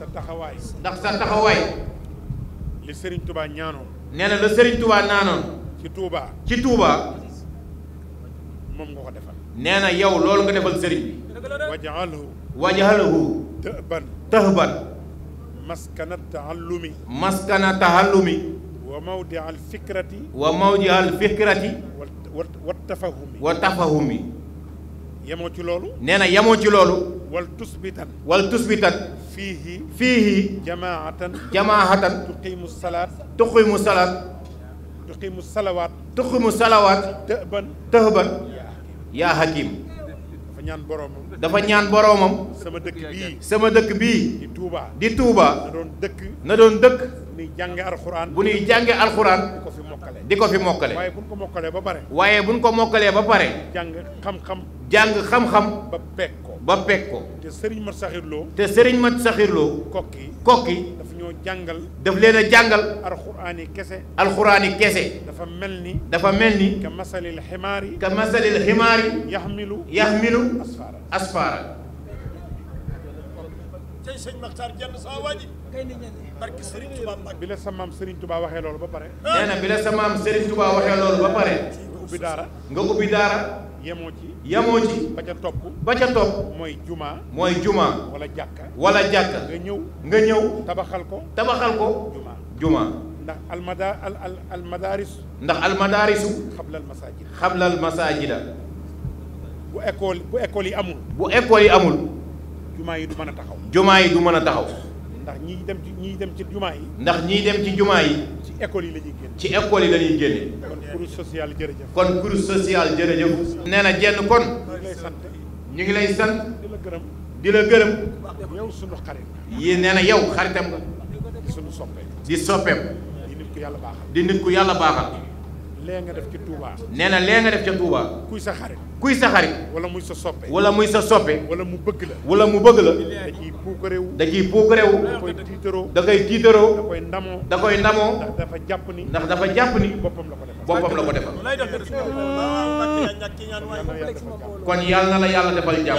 sa taxawaay. ndax sa taxawaay. li Serigne Touba ñaanoon. nee na sëriñ Serigne naanoon. ci Touba ci Touba. moom nga ko defal. nee na yow loolu nga defal Serigne bi. wajahalahu. wajahalahu. tahban tahban. maskana taallumi. maskana taallumi. wa mawdi al fikrati. wa tafahumi. yemoo ci loolu. nee na yemoo ci loolu. wal tusbitan. wal tusbitan. fiihi. fiihi. jamaatan. jamaatan. tuqimu salaat. tuqimu salaat. tuqimu salawaat. tuqimu salawaat. tëhban. tëhban. yaa hakim. dafa ñaan boromam. dafa ñaan boromam. sama dëkk bii. sama dëkk bii. di Touba. di Touba. na doon na doon dëkk. ñuy jànge alxuraan bu ñuy jànge alxuraan di ko fi mokkale di ko fi mokkale waaye bu ñu ko mokkalee ba pare waaye bu ñu ko mokkalee ba pare jàng xam-xam jàng xam-xam ko te sëriñ mat saxirloo te sëriñ mat saxirloo kokki kokki daf ñoo jàngal daf leen a jàngal alxuraani kese alxuraani kese dafa mel ni dafa mel ni ka masalil ximaari yaxmilu yaxmilu asfaara tey sëñ Maxtaar jenn saa waaji waxee loolu ba pare ah. nee na bi la sa maam Serigne Touba waxee loolu ba pare nga ubbi daara nga ubbi daara yemoo ci ba ca topp ba ca topp mooy jumaa mooy jumaa wala jàkka wala jàkka nga ñëw nga ñëw tabaxal ko tabaxal ko jumaa ndax almada al al almadaarisu ndax almadaarisu xablal masaajida bu école bu école amul bu école yi amul jumaa yi du mën a taxaw. jumaa yi du mën a taxaw. ndax ñi dem ci ñi dem ci jumaa yi. ndax ñi dem ci jumaa yi. ci école yi la ñuy génne. ci école yi la ñuy kon kuréel social jërëjëf. kon kuréel social jërëjëf. nee na jenn kon. ñu ngi lay sant. di la gërëm. di la gërëm. yow sunu xarit. yi nee na yow xaritam nga. di sunu soppeeku. di soppeeku. di nit ku yàlla baaxal. di nit ku yàlla baaxal. lee nga def ci Touba. nee na lee nga def ca Touba. kuy sa xarit. kuy sa xarit. wala muy sa soppe. wala muy sa soppe. wala mu bëgg la. wala mu bëgg la. da ciy puukarewu. da ciy puukarewu. da koy tiitaroo. da koy tiitaroo. da koy ndamoo. da koy ndamoo. ndax dafa jàpp ni. ndax dafa jàpp ni. boppam la ko defal boppam la ko defal. kon yàlla na la yàlla defal jàmm.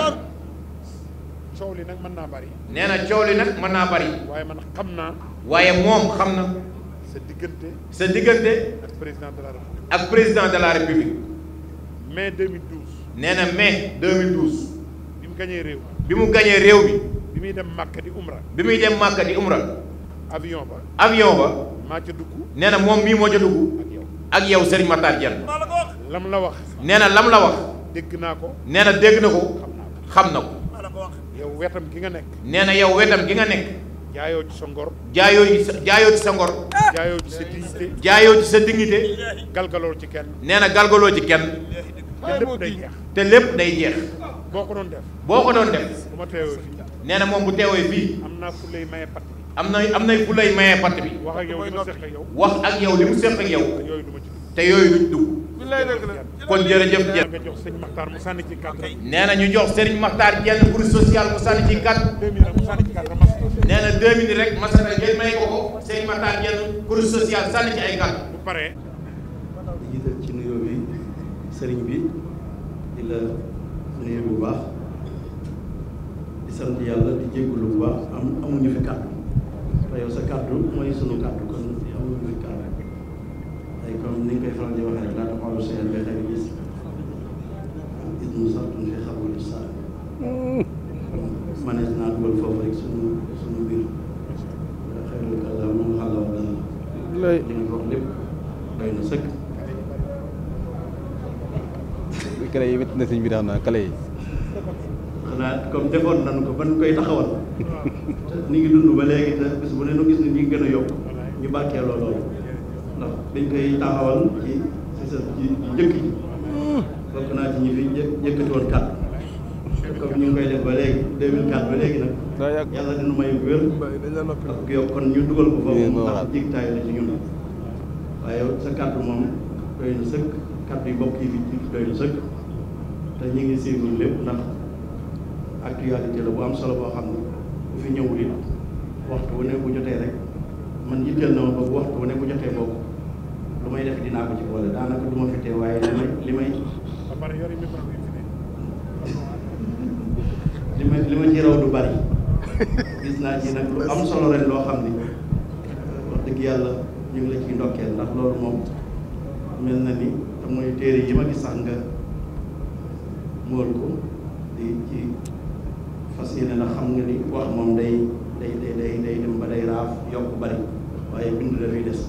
coow li nag mën naa bari. nee na coow li nag mën naa bari. waaye man xam naa. waaye moom xam na. sa diggante. sa diggante. la ak président de la république. mai 2012. nee na mai 2012. bi mu gañee réew. bi mu gañee réew bi. bi muy dem Màkka di Umra. bi muy dem Màkka di Umra. avion ba. avion ba. maa ca dugg. nee na moom mii moo ca ak yow Serigne Matar Diagne. lam la wax. nee na lam la wax. dégg naa ko. nee na dégg na ko. xam na ko. yow wetam gi nga nekk. nee na yow wetam gi nga nekk. jaayoo ci sa ngor. jaayoo ci sa jaayoo ci sa ngor. jaayoo ci sa dignité. jaayoo ci sa dignité. kenn. nee na galgaloo ci kenn. te lépp day jeex. te lépp day boo ko doon def. boo ko doon def. bu ma nee na moom bu teewee fii. am naa fu lay maye pat am na am nay fu lay maye pat bi. wax ak yow li mu séq ak yow. wax ak yow li mu séq ak yow. te yooyu duñ dugg kon jërëjëf jël nee na ñu jox Serigne Makhtar jenn pour social mu sànni ci kat nee na deux minutes rek masana ngeen may ko ko Serigne Makhtar jenn pour social sànni ci ay kat bu paree di jiital ci nuyoo bi Serigne bi di la nuyu bu baax di sant yàlla di jégalu bu baax am amuñu fi kàddu te yow sa kàddu mooy sunu kàddu koy faral di waxee rek laa taxaw lu seeyal bay xëy gis foofu na lépp doy na sëkk kale yi na sëñ bi daan naa kale yi xanaa comme defoon nañ ko ban koy taxawal ni ngi dund ba léegi te bu ne gis ni ñu gën a yokk ñu barkeeloo loolu ndax biñ koy taxawal ci sa ci njëkk yi hmm. bokk naa ci ñi fi yëkkati woon kàddu comme ñu ngi koy def ba léegi 2004 ba léegi nag. yàlla dina may wér ak yokk kon ñu dugal ko foofu ndax waaye sa moom doy na sëkk kàddu te ñu ngi suivre lépp ndax actualité la am solo boo xam ne bu fi ñëwul it jotee rek man yitteel na ma ba waxtu bu ne bu jotee boobu lu may def dinaa ko ci boole daanaka du ma fi tee waaye li may li may li ma li ma ci raw du bari gis naa ci nag lu am solo ren loo xam ni wax dëgg yàlla ñu ngi la ciy ndokkeel ndax loolu moom mel na ni te mooy téere yi ma gis sax nga mool ko di ci fas yéene la xam nga ni wax moom day day day day day dem ba day raaf yokk bari waaye bind dafay des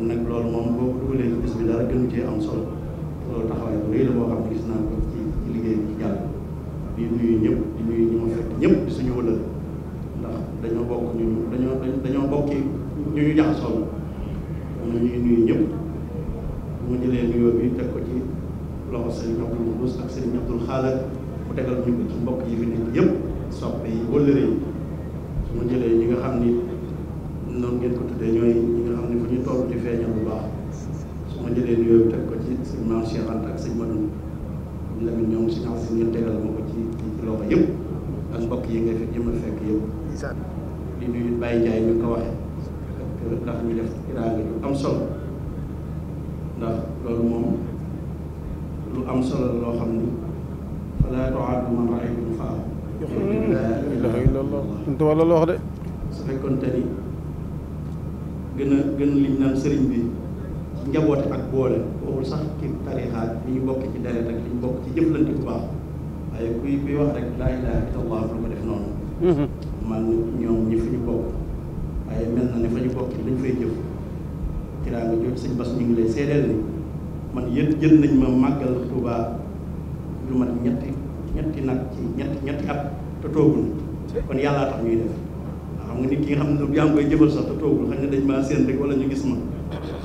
nag lool moom boo ko dugalee ci bis bi dara gënu loolu taxawaay bu rëy la boo xam ne gis naa ko ci liggéey bi jàll di nuyu ñëpp di nuyu ñu ma fekk ñëpp di suñu wëlal ndax dañoo bokk ñu dañoo dañoo bokk ñu ñu jaxasoo am na ñuy nuyu ñëpp bu ma jëlee nuyoo bi teg ko ci loxo Serigne Abdoul Moussa ak Serigne Abdoul Xaalal mu tegal ñu ko ci mbokk yi fi nekk yëpp soppe yi wëllëre su ma jëlee ñi nga xam ni ma jëlee nuyoo teg ko ci sëñ maam Cheikh Anta ak sëñ Madoum Lamine ñoom si ñax si ngeen tegal ma ko ci loxo yëpp ak mbokk yi nga fekk yëpp fekk yëpp di nuyu Baye Ndiaye ñu ko waxee ak ndax ñu def iraanga ju am solo ndax loolu moom lu am solo loo xam ni falaa tu'addu man ra'aytum faaw ilaha illallah nte wala loo wax de su fekkoon te ni gën a gën liñ naan sëriñ bi njaboote ak boole waxul sax ki tariixaat li ñu bokk ci deret ak li ñu bokk ci jëflante bu baax waaye kuy kuy wax rek laa ilaaha illallah lu ko def noonu mhm. man ñoom ñi fu ñu bokk waaye mel na ne fa ñu bokk lañ fay jëf tiraanga jooju sëñ Bas ñu ngi lay seedeel ni man yët jël nañ ma màggal Tuubaa lu mat ñetti ñetti nag ci ñetti ñetti at te toogul kon yàllaa tax ñuy def xam nga nit ki nga xam ne yaa ngi koy jëfal sax te toogul xam ne dañ maa seen rek wala ñu gis ma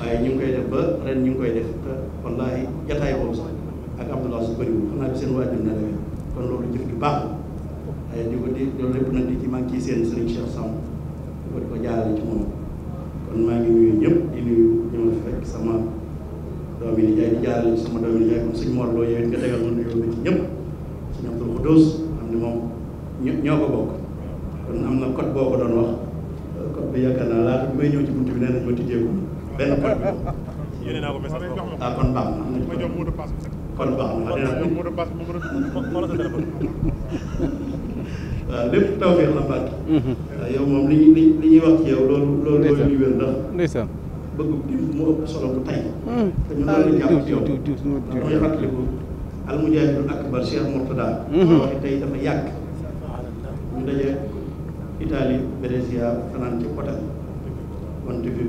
waaye ñu ngi koy def ba ren ñu ngi koy def te wallaahi jataay boobu sax ak Abdoulaye su bëriwul xam naa bi seen waajur na demee kon loolu jëf ju baax la waaye di ko di loolu lépp nag di maa ngi ciy seen sëriñ Cheikh Samb di ko di ko jaarale ci kon maa ngi nuyu ñëpp di nuyu ñu ma fekk sama doomi nijaay di jaarale sama doomi nijaay comme yooyu nga tegal ma nuyoo ba ci ñëpp suñu Abdoul Khoudous xam ne moom ñoo ko bokk na code boo ko doon wax ci buntu bi benn code bi kon baax kon baax na. jox ah, taw bi la Mbacke. Mhm. Ah, yow moom li ñuy li ñuy wax ci yow loolu. li wér ndax. ndeysaan bëgg diw mu ëpp tay. Mhm. te ñu loolu jàpp ci yow ah, diw diw diw diw. damay fàttaliku mhm. waxi tey dafa yàgg. ñu daje Italie Brescia fanaan ci Potal. wante fi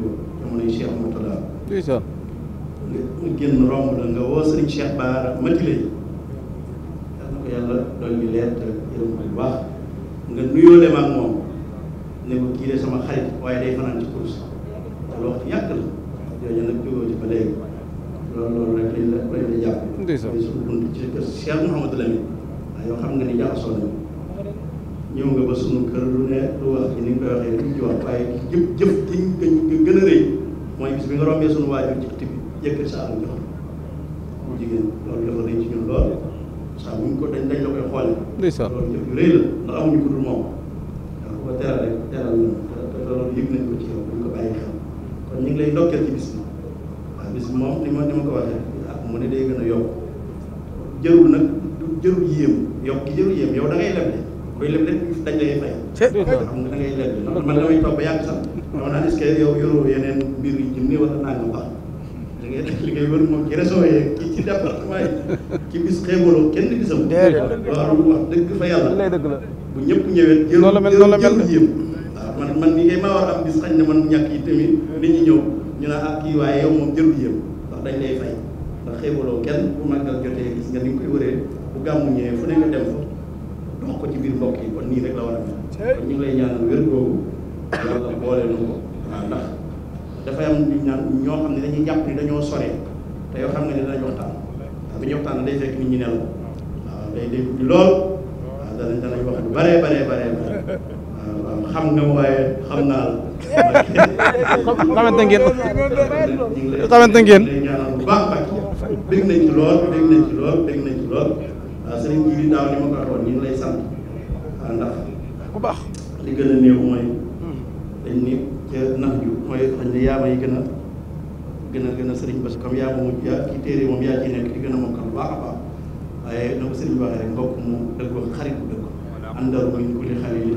mu ne Cheikh Moutala. ndeysaan. nga génn romb la nga woo sëriñ Cheikh Baara Matiley yal na ko yàlla doon ñu leer te yërëm bu baax nga nuyoo dem ak ne ko kii sama xarit waaye day fanaan ci kurus te loolu yàgg la yooyu nag jógoo ci ba léegi loolu loolu la lañ la jàpp. ndeysaan suñu bunt ci kër Cheikh Mouhamadou Lamine waaye yoo xam nga ni jaxasoo ñëw nga ba sunu kër lu ne lu wax ni nga koy waxee lu ci wax waaye jëf jëf jiñ gañ gën a rëy mooy bis bi nga rombee sunu waajur ci ëtt bi yëkkat sa am jox mu jigéen loolu dafa rëy ci ñun lool saa buñ ko dañ dañ la koy xoole loolu jëf yu rëy la ndax amuñu ko dul moom waaw ko teral rek teral na te loolu yëg nañ ko ci yow buñ ko bàyyi xel kon ñu ngi lay ndokkeel ci bis bi waaw bis bi moom ni ma ni ma ko waxee ak ah, mu ne day gën a yokk jërul nag jërul yéem yokk jërul yéem yow da ngay leb de koy leb rek dañ lay fay. xam nga da ngay leb man man damay toog ba yàgg sax dama naan est-ce que yow yoroo yeneen nga wax da ñëpp ñëwee. jël loola mel loola mel jël man man ni ngay maa war am bis xañ na man ñàkk yi tamit nit ñi ñëw ñu ne ah kii waaye yow moom jëlu yëm ndax dañ lay fay ndax xeebaloo kenn bu màggal jotee gis nga ni koy wëree bu gàmmu fu ne dem fa dox ko ci biir mbokk kon nii rek la war a kon ñu ngi lay ñaanal wér googu yàlla boole nu ko waaw ndax dafay am ñu ñaan ñoo xam ne dañuy jàpp ni dañoo sore te yoo xam ne danañ waxtaan ndax wax lu bare bare waaw xam nga waaye xam naa la xamante ngeen xamante ngeen ñaanal bu baax bég nañ ci sëriñ bi daaw ni ma ko waxoon ñu lay sant ah, ndax ku baax li gën a néew mooy dañ ni nax ju mooy yaama yi gën a gën a gën a sëriñ baax a rek mbokk mu dëkk xarit bu dëkk àndal muy ku li xale yi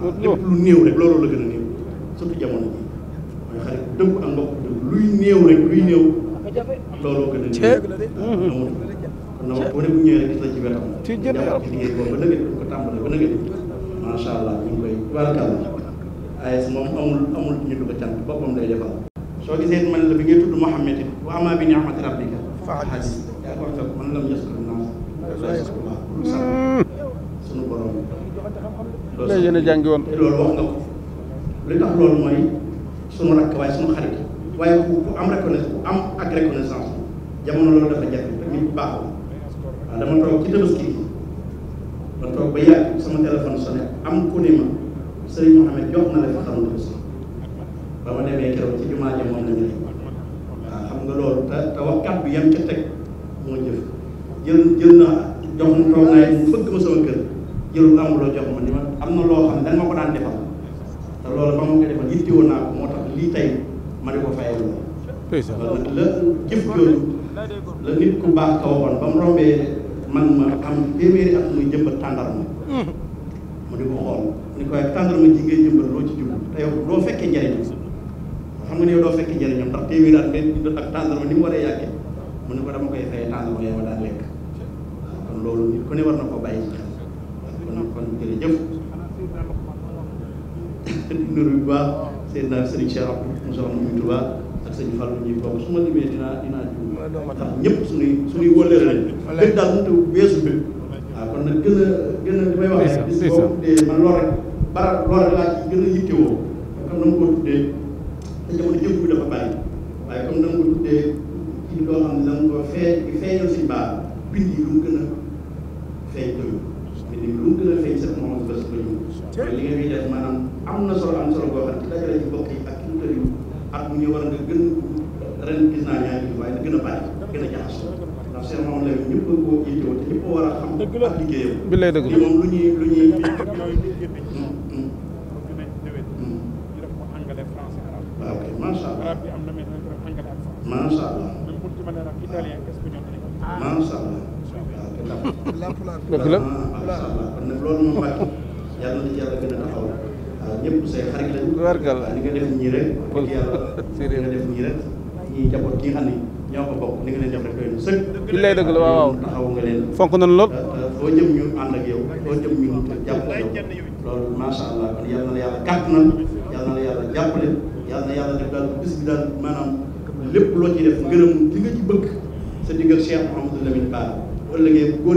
waaw loolu lépp lu néew rek loolu la gën a néew surtout jamono mooy xarit bu ak mbokk bu dëkk luy néew rek luy néew looloo gën a néew. amul kon nag wax bu ne bu ñëwee rek ba nëgëj ko tàmbali ba nëgëj. macha allah ñu ngi koy barkal moom amul amul ñu du boppam lay defal. soo gisee man la bi ngay tudd Mouhamed it wa amaa bi ni'mati rabbika fa hadis yaa ko fekk man lam yaskuru naas la yaskuru Allah sunu borom loolu ko waaye sunu xarit waaye ku ku am reconnaissance ku jamono loolu dafa jafe te nit bu baaxul waaw dama toog ci tabaski bi ma toog ba yàgg sama téléphone sonné am ku ma Serigne Mohamed xam nga loolu te te waxkat bi yam ca teg moo jëf jël jël na jox ma toog naa mu fëgg ma sama kër jël amuloo jox ma ni ma am na loo xam ne da nga ma ko daan defal te loolu ba ma ko defal yittewoo naa ko moo tax lii tey ma di ko fayal moom. kon la jëf jooju la nit ku baax ka ba mu rombee man ma am téeméeri at muy jëmbat tàndarma mu hmm. di ko xool ni ko waaye tàndarma ji ngay jëmbat loo ci jublu te yow doo fekkee njëriñam xam nga ne yow doo fekkee njëriñam ndax téeméeri at nga ak tàndarma ni mu waree yàggee mu ne ko dama koy fayee tàndarma yow daal lekk kon loolu nit na ko bàyyi kon kon jërëjëf nuyu bu baax seen naa sëriñ Cheikh Abdou mu soxna muy Touba ak sëñ Fallou ñuy bokk su ma limee dinaa dinaa jiw tax ñëpp suñuy suñuy wëllëre lañ dëgg daal mënut a weesu bi waaw kon nag gën a gën a li may wax rek bis boobu dee man lool rek bara lool rek laa ci gën a yittewoo comme na ma ko tuddee te jamono jëf bi dafa bàyyi waaye comme na ma ko tuddee ci loo xam ne dama ko fee di feeñal suñu baax bind yi lu mu gën a feeñ doyu te ni lu mu gën a feeñ sax moom ak bés bu ñu li nga fi def maanaam am na solo am solo boo xam ne dajale ci bokk yi ak ki mu tëriw at mu ñu war nga gën ren gis naa ñaari bi waaye na gën a bari gën a jaxasoo ndax seen moom la ñëpp a koo jiitoo te ñëpp a war a xam ak liggéeyam bi lay dëgg moom lu ñuy lu ñuy waaw ah, ok macha allah macha allah macha allah dëgg la loolu moom Mbacke yàlla na ci yàlla gën a taxaw ñëpp say xarit lañ. wargal nga def ñii rek. kon yàlla nga def ñii rek ñii njaboot gi xam ne ñoo ko bokk nga def rek doy na sëkk. billaay dëgg la waaw waaw taxaw nga leen. fonk nañ lool. foo jëm def daal bis bi daal maanaam lépp loo ci def ngërëm li nga ci bëgg sa diggal Cheikh Mouhamadou Lamine bu ëllëgee bu góor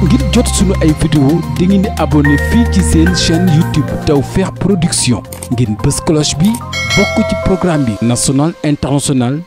ngir jot suñu ay vidéo di ngeen di abonné fii ci seen chaîne YouTube Tawfekh Production ngeen bës cloche bi bokk ci programme bi national international